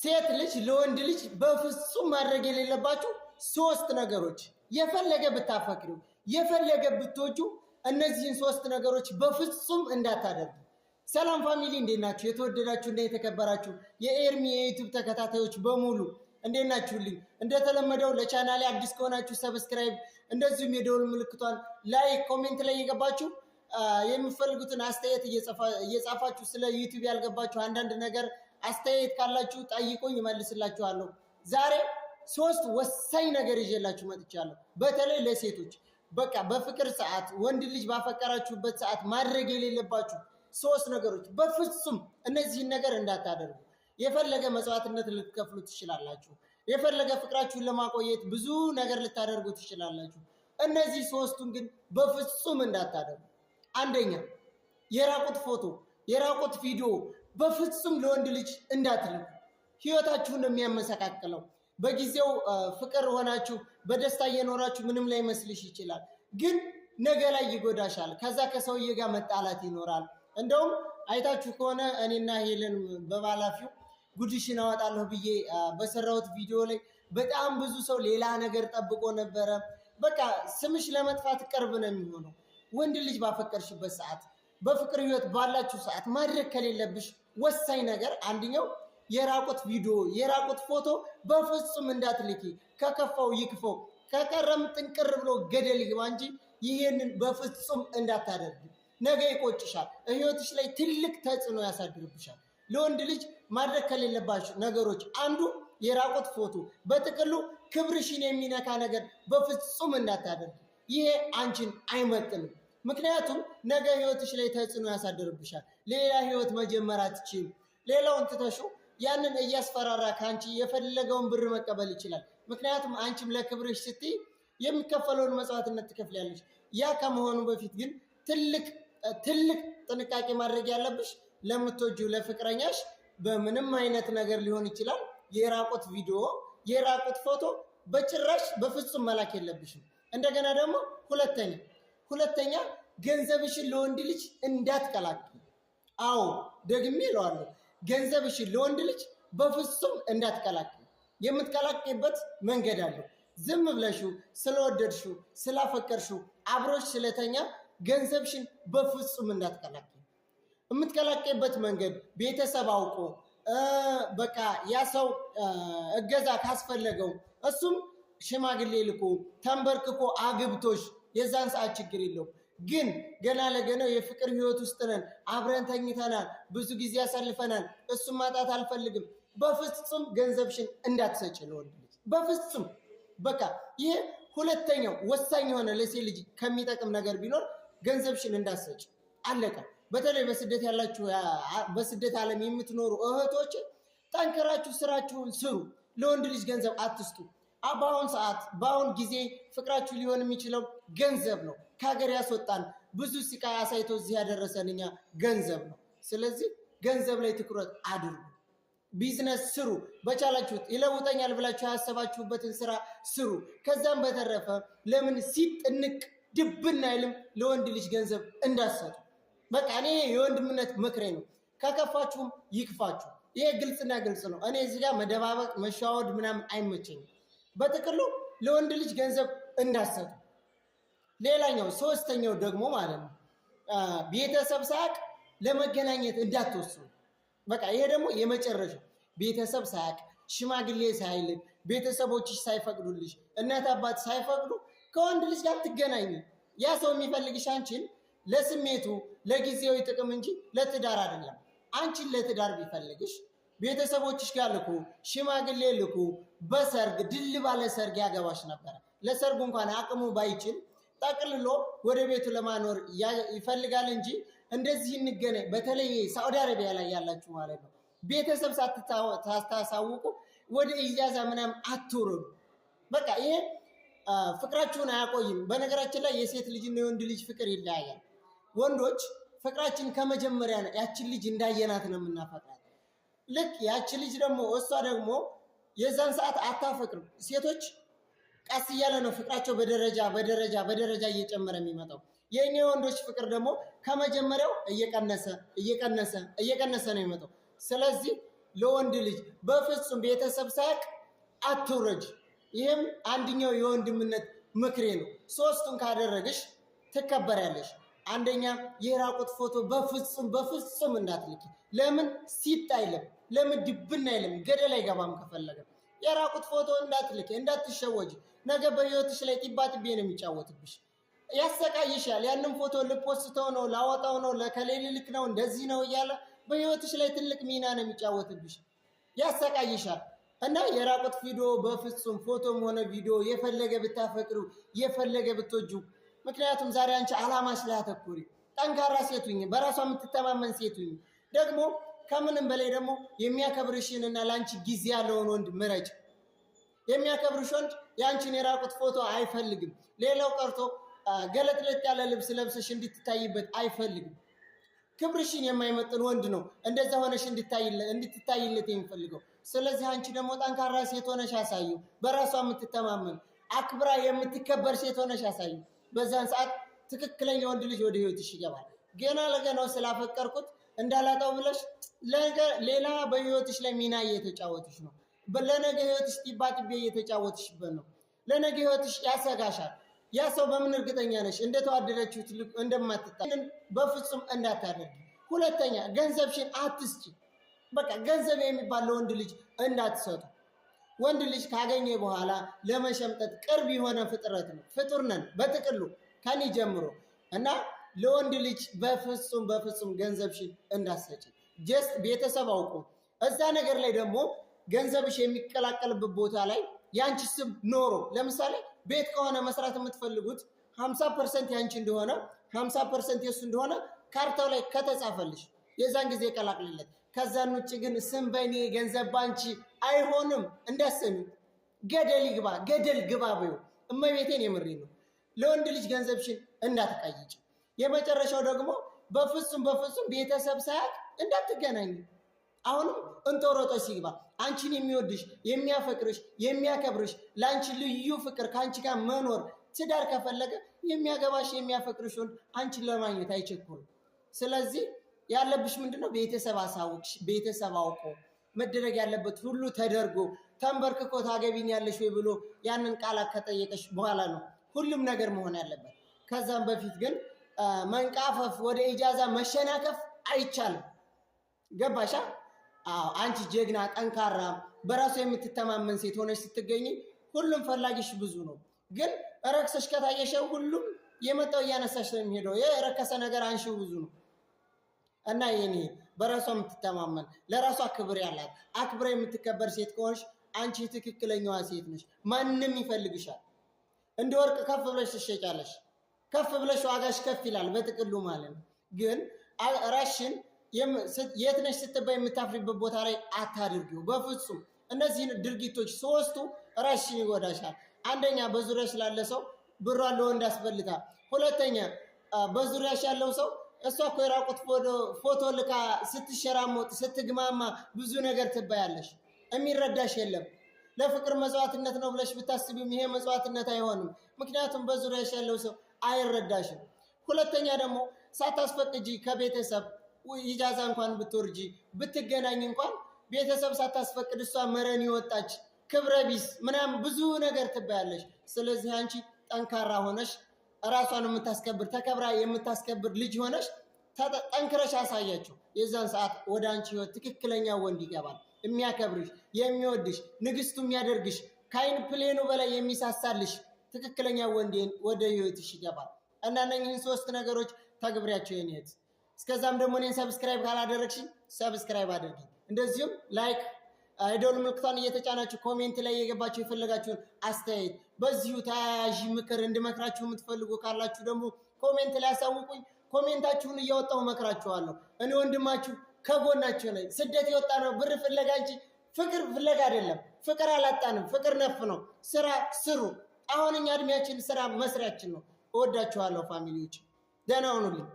ሴት ልጅ ለወንድ ልጅ በፍጹም ማድረግ የሌለባችሁ ሶስት ነገሮች የፈለገ ብታፈቅሪው የፈለገ ብትወጁ እነዚህን ሶስት ነገሮች በፍጹም እንዳታደርጉ። ሰላም ፋሚሊ እንዴት ናችሁ? የተወደዳችሁ እና የተከበራችሁ የኤርሚ የዩቱብ ተከታታዮች በሙሉ እንዴት ናችሁልኝ? እንደተለመደው ለቻናሌ አዲስ ከሆናችሁ ሰብስክራይብ፣ እንደዚሁም የደወል ምልክቷን ላይክ ኮሜንት ላይ የገባችሁ የሚፈልጉትን አስተያየት እየጻፋችሁ ስለ ዩቱብ ያልገባችሁ አንዳንድ ነገር አስተያየት ካላችሁ ጠይቁኝ፣ እመልስላችኋለሁ። ዛሬ ሶስት ወሳኝ ነገር ይዤላችሁ መጥቻለሁ። በተለይ ለሴቶች በቃ በፍቅር ሰዓት ወንድ ልጅ ባፈቀራችሁበት ሰዓት ማድረግ የሌለባችሁ ሶስት ነገሮች፣ በፍጹም እነዚህን ነገር እንዳታደርጉ። የፈለገ መስዋዕትነት ልትከፍሉ ትችላላችሁ። የፈለገ ፍቅራችሁን ለማቆየት ብዙ ነገር ልታደርጉ ትችላላችሁ። እነዚህ ሶስቱን ግን በፍጹም እንዳታደርጉ። አንደኛ የራቁት ፎቶ፣ የራቁት ቪዲዮ፣ በፍጹም ለወንድ ልጅ እንዳትልኩ። ህይወታችሁን ነው የሚያመሰቃቅለው። በጊዜው ፍቅር ሆናችሁ በደስታ እየኖራችሁ ምንም ላይ መስልሽ ይችላል፣ ግን ነገ ላይ ይጎዳሻል። ከዛ ከሰውዬ ጋር መጣላት ይኖራል። እንደውም አይታችሁ ከሆነ እኔና ሄለን በባላፊው ጉድሽን አወጣለሁ ብዬ በሰራሁት ቪዲዮ ላይ በጣም ብዙ ሰው ሌላ ነገር ጠብቆ ነበረ። በቃ ስምሽ ለመጥፋት ቅርብ ነው የሚሆነው ወንድ ልጅ ባፈቀርሽበት ሰዓት በፍቅር ህይወት ባላችሁ ሰዓት ማድረግ ከሌለብሽ ወሳኝ ነገር አንደኛው የራቁት ቪዲዮ፣ የራቁት ፎቶ በፍጹም እንዳትልኪ። ከከፋው ይክፈው፣ ከቀረም ጥንቅር ብሎ ገደል ይግባ እንጂ ይህንን በፍጹም እንዳታደርግ። ነገ ይቆጭሻል፣ ህይወትሽ ላይ ትልቅ ተጽዕኖ ያሳድርብሻል። ለወንድ ልጅ ማድረግ ከሌለባችሁ ነገሮች አንዱ የራቁት ፎቶ፣ በጥቅሉ ክብርሽን የሚነካ ነገር በፍጹም እንዳታደርግ። ይሄ አንቺን አይመጥንም። ምክንያቱም ነገ ህይወትሽ ላይ ተጽዕኖ ያሳድርብሻል። ሌላ ህይወት መጀመር አትችም። ሌላውን ትተሹ ያንን እያስፈራራ ከአንቺ የፈለገውን ብር መቀበል ይችላል። ምክንያቱም አንቺም ለክብርሽ ስትይ የሚከፈለውን መስዋዕትነት ትከፍላለች። ያ ከመሆኑ በፊት ግን ትልቅ ትልቅ ጥንቃቄ ማድረግ ያለብሽ ለምትወጁ ለፍቅረኛሽ በምንም አይነት ነገር ሊሆን ይችላል የራቁት ቪዲዮ፣ የራቁት ፎቶ በጭራሽ በፍጹም መላክ የለብሽም። እንደገና ደግሞ ሁለተኛ ሁለተኛ ገንዘብሽን ለወንድ ልጅ እንዳትቀላቅል። አዎ ደግሜ እለዋለሁ፣ ገንዘብሽን ለወንድ ልጅ በፍጹም እንዳትቀላቅል። የምትቀላቅልበት መንገድ አለው። ዝም ብለሹ ስለወደድሹ ስላፈቀርሽው አብሮሽ ስለተኛ ገንዘብሽን በፍጹም እንዳትቀላቅል። የምትቀላቅልበት መንገድ ቤተሰብ አውቆ በቃ ያ ሰው እገዛ ካስፈለገው እሱም ሽማግሌ ልኮ ተንበርክኮ አግብቶሽ የዛን ሰዓት ችግር የለውም። ግን ገና ለገናው የፍቅር ህይወት ውስጥ ነን። አብረን ተኝተናል፣ ብዙ ጊዜ ያሳልፈናል። እሱን ማጣት አልፈልግም። በፍጹም ገንዘብሽን እንዳትሰጭ ለወንድ ልጅ በፍጹም በቃ። ይሄ ሁለተኛው ወሳኝ የሆነ ለሴት ልጅ ከሚጠቅም ነገር ቢኖር ገንዘብሽን እንዳትሰጭ አለቀ። በተለይ በስደት ያላችሁ በስደት ዓለም የምትኖሩ እህቶች ጠንክራችሁ ስራችሁን ስሩ። ለወንድ ልጅ ገንዘብ አትስጡ። በአሁን ሰዓት በአሁን ጊዜ ፍቅራችሁ ሊሆን የሚችለው ገንዘብ ነው። ከሀገር ያስወጣን ብዙ ስቃይ አሳይቶ እዚህ ያደረሰን እኛ ገንዘብ ነው። ስለዚህ ገንዘብ ላይ ትኩረት አድርጉ። ቢዝነስ ስሩ፣ በቻላችሁት ይለውጠኛል ብላችሁ ያሰባችሁበትን ስራ ስሩ። ከዛም በተረፈ ለምን ሲጥንቅ ድብና አይልም ለወንድ ልጅ ገንዘብ እንዳሰጡ። በቃ እኔ የወንድምነት ምክሬ ነው። ከከፋችሁም ይክፋችሁ። ይሄ ግልጽና ግልጽ ነው። እኔ እዚህ ጋር መደባበቅ፣ መሻወድ ምናምን አይመቸኝም። በጥቅሉ ለወንድ ልጅ ገንዘብ እንዳሰጡ። ሌላኛው ሶስተኛው ደግሞ ማለት ነው ቤተሰብ ሳያቅ ለመገናኘት እንዳትወስኑ። በቃ ይሄ ደግሞ የመጨረሻው ቤተሰብ ሳያቅ ሽማግሌ ሳይልክ ቤተሰቦችሽ ሳይፈቅዱልሽ እናት አባት ሳይፈቅዱ ከወንድ ልጅ ጋር ትገናኝ። ያ ሰው የሚፈልግሽ አንቺን ለስሜቱ ለጊዜያዊ ጥቅም እንጂ ለትዳር አይደለም። አንቺን ለትዳር ቢፈልግሽ ቤተሰቦችሽ ጋር ልኩ፣ ሽማግሌ ልኩ። በሰርግ ድል ባለ ሰርግ ያገባሽ ነበረ። ለሰርጉ እንኳን አቅሙ ባይችል ጠቅልሎ ወደ ቤቱ ለማኖር ይፈልጋል እንጂ እንደዚህ እንገናኝ። በተለይ ሳዑዲ አረቢያ ላይ ያላችሁ ማለት ነው ቤተሰብ ሳታሳውቁ ወደ ኢጃዛ ምናምን አትውረዱ። በቃ ይሄ ፍቅራችሁን አያቆይም። በነገራችን ላይ የሴት ልጅና የወንድ ልጅ ፍቅር ይለያያል። ወንዶች ፍቅራችን ከመጀመሪያ ያችን ልጅ እንዳየናት ነው የምናፈቅራት ልክ ያቺ ልጅ ደግሞ እሷ ደግሞ የዛን ሰዓት አታፈቅርም። ሴቶች ቀስ እያለ ነው ፍቅራቸው በደረጃ በደረጃ በደረጃ እየጨመረ የሚመጣው። የእኔ ወንዶች ፍቅር ደግሞ ከመጀመሪያው እየቀነሰ እየቀነሰ እየቀነሰ ነው የሚመጣው። ስለዚህ ለወንድ ልጅ በፍጹም ቤተሰብ ሳያቅ አትውረጅ። ይህም አንድኛው የወንድምነት ምክሬ ነው። ሶስቱን ካደረግሽ ትከበሪያለሽ። አንደኛ የራቁት ፎቶ በፍጹም በፍጹም እንዳትልኪ። ለምን ሲጥ ለምን ድብን አይልም? ገደል አይገባም። ከፈለገ የራቁት ፎቶ እንዳትልክ፣ እንዳትሸወጅ። ነገ በህይወትሽ ላይ ጢባ ጢቤ ነው የሚጫወትብሽ፣ ያሰቃይሻል። ያንም ፎቶ ልፖስተው ነው ላወጣው ነው ለከሌ ልልክ ነው እንደዚህ ነው እያለ በህይወትሽ ላይ ትልቅ ሚና ነው የሚጫወትብሽ፣ ያሰቃይሻል። እና የራቁት ቪዲዮ በፍጹም ፎቶም ሆነ ቪዲዮ የፈለገ ብታፈቅሩ የፈለገ ብትወጁ፣ ምክንያቱም ዛሬ አንቺ አላማሽ ላይ አተኩሪ። ጠንካራ ሴቱኝ፣ በራሷ የምትተማመን ሴቱኝ ደግሞ ከምንም በላይ ደግሞ የሚያከብርሽንና ለአንቺ ጊዜ ያለውን ወንድ ምረጭ። የሚያከብርሽ ወንድ የአንቺን የራቁት ፎቶ አይፈልግም። ሌላው ቀርቶ ገለጥለጥ ያለ ልብስ ለብሰሽ እንድትታይበት አይፈልግም። ክብርሽን የማይመጥን ወንድ ነው እንደዛ ሆነሽ እንድትታይለት የሚፈልገው። ስለዚህ አንቺ ደግሞ ጠንካራ ሴት ሆነሽ አሳዩ። በራሷ የምትተማመን አክብራ የምትከበር ሴት ሆነሽ አሳዩ። በዛን ሰዓት ትክክለኛ ወንድ ልጅ ወደ ህይወትሽ ይገባል። ገና ለገናው ስላፈቀርኩት እንዳላጣው ብለሽ ሌላ በህይወትሽ ላይ ሚና እየተጫወትሽ ነው። ለነገ ህይወትሽ ጢባ ጢቤ እየተጫወትሽበት ነው። ለነገ ህይወትሽ ያሰጋሻል። ያ ሰው በምን እርግጠኛ ነሽ? እንደተዋደደችው እንደማትጣ በፍጹም እንዳታደርጊ። ሁለተኛ ገንዘብሽን አትስጭ። በቃ ገንዘብ የሚባል ለወንድ ልጅ እንዳትሰጡ። ወንድ ልጅ ካገኘ በኋላ ለመሸምጠት ቅርብ የሆነ ፍጥረት ነው። ፍጡር ነን በጥቅሉ ከኒ ጀምሮ እና ለወንድ ልጅ በፍጹም በፍጹም ገንዘብሽን እንዳትሰጪ። ጀስት ቤተሰብ አውቁ። እዛ ነገር ላይ ደግሞ ገንዘብሽ የሚቀላቀልበት ቦታ ላይ የአንቺ ስም ኖሮ ለምሳሌ ቤት ከሆነ መስራት የምትፈልጉት 50 ፐርሰንት የአንቺ እንደሆነ 50 ፐርሰንት የሱ እንደሆነ ካርታው ላይ ከተጻፈልሽ የዛን ጊዜ ቀላቅልለት። ከዛን ውጭ ግን ስም በእኔ ገንዘብ ባንቺ አይሆንም እንዳሰሚ ገደል ይግባ ገደል ግባ ብዩ እመቤቴን የምሪ ነው። ለወንድ ልጅ ገንዘብሽን እንዳትቀይጭ። የመጨረሻው ደግሞ በፍጹም በፍጹም ቤተሰብ ሳያት እንዳትገናኝ አሁንም እንጦሮጦስ ይግባ። አንቺን የሚወድሽ የሚያፈቅርሽ፣ የሚያከብርሽ ለአንቺ ልዩ ፍቅር ከአንቺ ጋር መኖር ትዳር ከፈለገ የሚያገባሽ የሚያፈቅርሽ ወንድ አንቺን ለማግኘት አይቸኩልም። ስለዚህ ያለብሽ ምንድነው? ቤተሰብ አሳውቅሽ፣ ቤተሰብ አውቆ መደረግ ያለበት ሁሉ ተደርጎ ተንበርክኮ ታገቢኛለሽ ወይ ብሎ ያንን ቃላት ከጠየቀሽ በኋላ ነው ሁሉም ነገር መሆን ያለበት። ከዛም በፊት ግን መንቃፈፍ፣ ወደ ኢጃዛ መሸናከፍ አይቻልም። ገባሻ? አዎ አንቺ ጀግና፣ ጠንካራ፣ በራሱ የምትተማመን ሴት ሆነች ስትገኝ ሁሉም ፈላጊሽ ብዙ ነው። ግን ረክሰሽ ከታየሸው ሁሉም የመጣው እያነሳሽ ነው የሚሄደው። የረከሰ ነገር አንሺው ብዙ ነው እና ይህኔ በራሷ የምትተማመን ለራሷ ክብር ያላት አክብረ የምትከበር ሴት ከሆንሽ አንቺ ትክክለኛዋ ሴት ነሽ። ማንም ይፈልግሻል። እንደ ወርቅ ከፍ ብለሽ ትሸጫለሽ። ከፍ ብለሽ ዋጋሽ ከፍ ይላል። በጥቅሉ ማለት ነው ግን ራሽን የት ነሽ ስትባይ የምታፍሪበት ቦታ ላይ አታድርጊው በፍጹም። እነዚህን ድርጊቶች ሶስቱ ራስሽን ይጎዳሻል። አንደኛ በዙሪያሽ ላለ ሰው ብሯ ለወንድ ያስፈልጋል። ሁለተኛ በዙሪያሽ ያለው ሰው እሷ እኮ የራቁት ፎቶ ልካ ስትሸራሞጥ ስትግማማ ብዙ ነገር ትባያለሽ፣ የሚረዳሽ የለም። ለፍቅር መስዋዕትነት ነው ብለሽ ብታስቢም ይሄ መስዋዕትነት አይሆንም። ምክንያቱም በዙሪያሽ ያለው ሰው አይረዳሽም። ሁለተኛ ደግሞ ሳታስፈቅጂ ከቤተሰብ ኢጃዛ እንኳን ብትወርጂ ብትገናኝ እንኳን ቤተሰብ ሳታስፈቅድ እሷ መረን ይወጣች ክብረ ቢስ ምናምን ብዙ ነገር ትባያለሽ። ስለዚህ አንቺ ጠንካራ ሆነሽ ራሷን የምታስከብር ተከብራ የምታስከብር ልጅ ሆነሽ ጠንክረሽ አሳያቸው። የዛን ሰዓት ወደ አንቺ ህይወት ትክክለኛ ወንድ ይገባል። የሚያከብርሽ፣ የሚወድሽ፣ ንግስቱ የሚያደርግሽ፣ ከአይን ፕሌኑ በላይ የሚሳሳልሽ ትክክለኛ ወንድ ወደ ህይወትሽ ይገባል እና እነኝህን ሶስት ነገሮች ተግብሪያቸው የኔ እህት። እስከዛም ደግሞ እኔን ሰብስክራይብ ካላደረግሽኝ ሰብስክራይብ አድርጊ። እንደዚሁም ላይክ አይዶል ምልክቷን እየተጫናችሁ ኮሜንት ላይ የገባችሁ የፈለጋችሁን አስተያየት በዚሁ ተያያዥ ምክር እንድመክራችሁ የምትፈልጉ ካላችሁ ደግሞ ኮሜንት ላይ አሳውቁኝ። ኮሜንታችሁን እያወጣው መክራችኋለሁ። እኔ ወንድማችሁ ከጎናችሁ ነኝ። ስደት የወጣ ነው ብር ፍለጋ እንጂ ፍቅር ፍለጋ አይደለም። ፍቅር አላጣንም። ፍቅር ነፍ ነው። ስራ ስሩ። አሁን እኛ እድሜያችን ስራ መስሪያችን ነው። እወዳችኋለሁ ፋሚሊዎች፣ ደህና ሁኑልኝ።